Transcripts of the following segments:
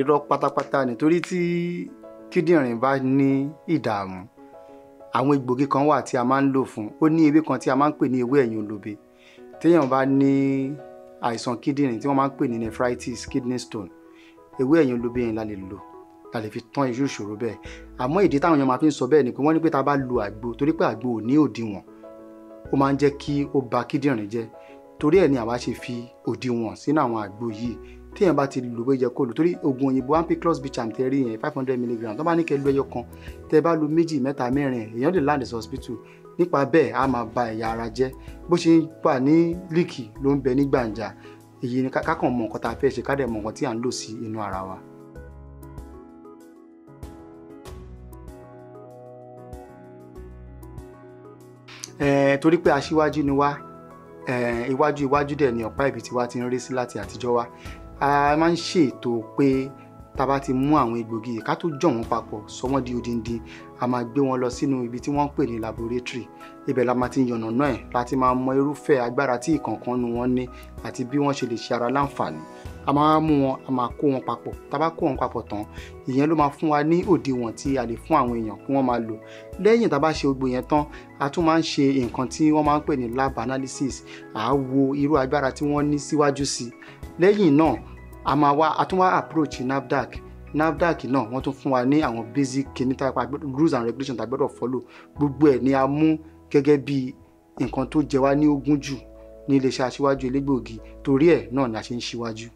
irọ́ pátápátá nítorí tí kíndìnrín bá ní ìdààmú àwọn egbògi kan wà tí a máa ń lò fún ó ní ewé kan tí a máa ń pè ní ewé ẹ̀yìn olóbe téèyàn bá ní àìsàn kíndìnrín tí wọ́n máa ń pè ní nephritis kidney stone ewé ẹ̀yìn olóbe yẹn la lè lò la lè fi tán irú ìṣòro bẹ́ẹ̀ àmọ́ ìdí táwọn èèyàn máa fi ń sọ bẹ́ẹ̀ ni pé wọ́n ní pé tá a bá lo àgbo torí pé àgbo ò ní òdiwọ̀n ó máa ń jẹ́ kí ó ba kíndìnrín jẹ́ torí ẹ̀ ni àwa ṣe fi òdiwọ̀n sínú àwọn àgbo yìí téèyàn bá ti lò ó yẹ kó lò torí oògùn òyìnbó ampiclox bicham tẹ rí yẹn five hundred milligram tó bá ní kẹ́ lu ẹyọ kan tẹ bá lu méjì mẹ́ta mẹ́rin èèyàn lè land hospital nípa bẹ́ẹ̀ a máa ba ẹ̀yà ara jẹ́ bó ṣe ń wà ní líìkì ló ń bẹ ní gbàǹjà èyí ni kákàn mọ nǹkan tá a fẹ́ ṣe ká dẹ̀ mọ nǹkan tí à ń lò sí inú ara wa. torí pé aṣíwájú ni wá iwájú iwájú dẹ̀ ni ọ̀pá ibi tí wá ti ń rí sí láti àtijọ́ wá a máa ń ṣètò pé tá a bá ti mú àwọn egbògi yìí ká tó jọ̀ wọ́n papọ̀ sọ wọ́n di odindi a máa gbé wọn lọ sínú ibi tí wọ́n ń pè ní laboratory ibẹ̀ la máa ti yànnà náà ẹ̀ láti máa mọ irúfẹ́ agbára tí ìkọ̀ọ̀kan nu wọn ní àti bí wọ́n ṣe lè ṣe ara láǹfààní a máa mú wọn a máa kó wọn papọ̀ tá bá kó wọn papọ̀ tán ìyẹn ló máa fún wa ní òdiwọ̀n tí a lè fún àwọn èèyàn kí wọ́n máa lò lẹ́yìn tá bá ṣe gbogbo yẹn tán a tún máa ń ṣe nǹkan tí wọ́n máa ń pè ní lab analysis à á wo irú agbára tí wọ́n ní síwájú sí i lẹ́yìn náà a máa wá a tún wá approach NAFDAC NAFDAC náà wọ́n tún fún wa ní àwọn basic kìíní tá rules and regulations tá a follow gbogbo ẹ̀ ni a mú gẹ́gẹ́ bí nǹkan tó jẹ wá ní ogún jù ní iléeṣẹ́ aṣíwájú elégbòogi torí ẹ̀ náà ni a ṣe ń ṣíwájú.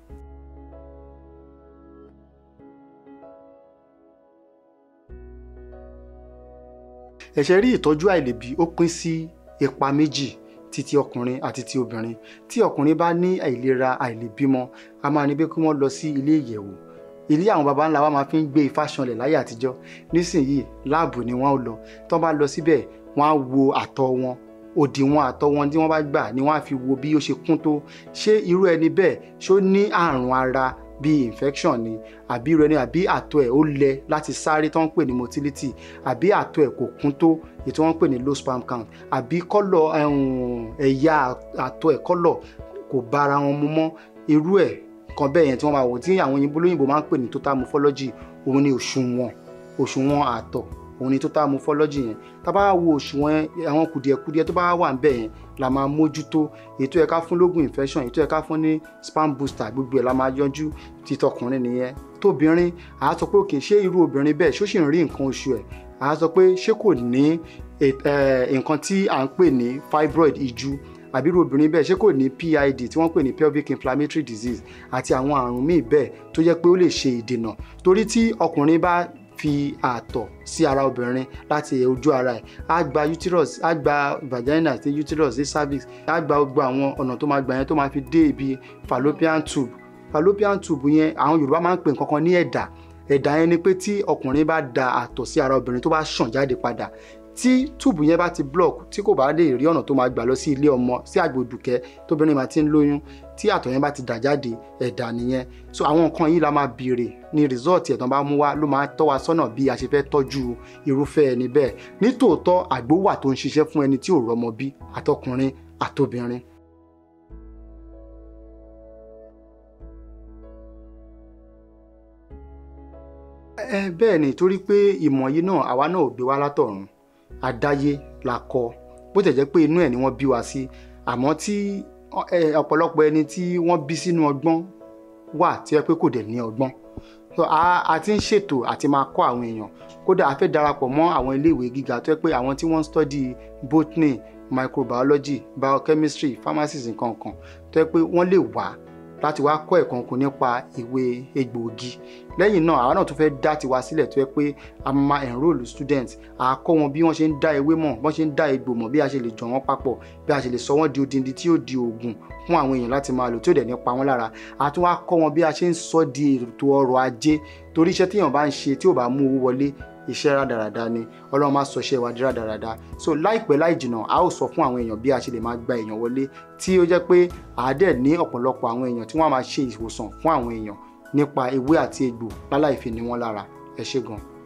ẹ̀ṣẹ̀ rí ìtọ́jú àìlèbí ó pín sí ipa méjì títí ọkùnrin àti ti obìnrin tí ọkùnrin bá ní àìlera àìlèbímọ a máa ní pé kí wọ́n lọ sí ilé ìyẹ̀wò ilé àwọn baba ńlá wa máa fi ń gbé ifá ṣanlẹ̀ láyé àtijọ́ nísìnyìí láàbù ni wọ́n lọ tí wọ́n bá lọ síbẹ̀ wọ́n á wo àtọ̀ wọn òdiwọ̀n àtọ̀ wọn tí wọ́n bá gbà ni wọ́n á fi wo bí ó ṣe kún tó ṣé irú ẹni bẹ́ẹ̀ ṣó ní àrùn ara bíi infection ni àbí rẹ ni àbí àtọ̀ ẹ̀ ó lẹ láti sáré tó ń pè ní motility àbí àtọ̀ ẹ̀ kò kún tó èyí tí wọ́n ń pè ní low sperm count àbí kọ́lọ̀ ẹ̀yà àtọ̀ ẹ̀ kọ́lọ̀ kò bára wọn mu mọ́ irú ẹ̀ kan bẹ́ẹ̀ yẹn tí wọ́n máa wò tí àwọn olóyìnbó máa ń pè ní total morphology òun ni òṣùwọ̀n òṣùwọ̀n àtọ̀ òun ni total morphology yẹn tá a bá wo òṣùwọ̀n àwọn kùdìẹ̀kudiẹ tó bá wà níbẹ̀ yẹn la máa mójútó ètò ẹ̀ka fún lógún infection ètò ẹ̀ka fún ní spam booster gbogbo ẹ̀ la máa yanjú títọkùnrin nìyẹn tóbìnrin à sọ pé òkè ṣé irú obìnrin bẹ́ẹ̀ ṣó sì ń rí nǹkan oṣù ẹ̀ à sọ pé ṣé kò ní eh, eh, nǹkan tí à ń pè ní fibroid ìju àbí irú obìnrin bẹ́ẹ̀ ṣé kò ní PID tí wọ́n pè ní pelvic inflammatory disease àti àwọn àrùn míì bẹ́ẹ̀ tó jẹ́ pé ó lè ṣe ìdènà torí tí ọkùnrin bá fi àtọ̀ sí ara obìnrin láti ojú ara ẹ̀ á gba uterus á gba vagina àti uterus sí cervix á gba gbogbo àwọn ọ̀nà tó máa gbà yẹn tó máa fi dé ibi fallopian tube fallopian tube yẹn àwọn Yorùbá máa ń pè nǹkan kan ní ẹ̀dà ẹ̀dà yẹn ni pé tí ọkùnrin bá da àtọ̀ sí ara obìnrin tó bá ṣàn jáde padà tí túùbù yẹn bá ti block tí kò bá lè rí ọ̀nà tó máa gbà lọ sí ilé ọmọ sí àgbòdùkẹ́ tóbìnrin máa ti ń lóyún tí àtọ̀ yẹn bá ti dà jáde ẹ̀dà nìyẹn so àwọn nǹkan yìí la máa béèrè ni result ẹ̀ tán bá mú wá ló máa tọ́ wa sọ́nà bí a ṣe fẹ́ tọ́jú irúfẹ́ ẹni bẹ́ẹ̀ nítòótọ́ àgbo wà tó ń ṣiṣẹ́ fún ẹni tí ò rọmọ bí àtọkùnrin àtobìnrin bẹ́ẹ̀ ni torí pé ìmọ̀ yìí náà àwa náà ò gbé wá látọ̀run àdáyé la kọ bó tẹ̀ jẹ́ pé inú ẹ̀ ni wọ́n bí wa sí àmọ́ tí ọ̀pọ̀lọpọ̀ ẹni tí wọ́n bí sínú ọgbọ́n wà tí ẹ pé kò dẹ̀ ní ọgbọ́n so a ti ń ṣètò àti máa kọ́ àwọn èèyàn kódà a fẹ́ darapọ̀ mọ́ àwọn iléèwé gíga tó yẹ pé àwọn tí wọ́n ń study botany microbiology biochemistry pharmacies nǹkan kan tó yẹ pé wọ́n lè wà láti wá kọ́ ẹ̀kọ́ kan nípa ìwé egbòogi lẹ́yìn náà àwa náà tún fẹ́ dá tiwa sílẹ̀ tó yẹ pé a máa enrol students a kọ́ wọn bí wọ́n ṣe ń dá ewé mọ̀ bí wọ́n ṣe ń dá egbò mọ̀ bí a ṣe lè jọ wọ́n papọ̀ bí a ṣe lè sọ wọ́n di odindi tí yóò di oògùn fún àwọn èèyàn láti máa lò tí ó dẹ̀ ní pa lára a tún wá kọ́ wọn bí a ṣe ń sọ di ètò ọrọ̀ ajé torí iṣẹ́ téèyàn bá ń ṣe tí ò bá mú owó wọlé iṣẹ́ rádaràda ni ọlọ́run máa sọ iṣẹ́ wa di rádaràda so láìpẹ́ láì jìnnà a ó sọ fún àwọn èèyàn bí a ṣe lè máa gba èèyàn wọlé tí ó jẹ́ pé àádẹ́ ní ọ̀pọ̀lọpọ̀ àwọn èèyàn tí wọ́n máa ṣe ìwòsàn fún àwọn èèyàn nípa ewé àti egbò láláì ni wọ́n lára ẹ ṣé gan-an.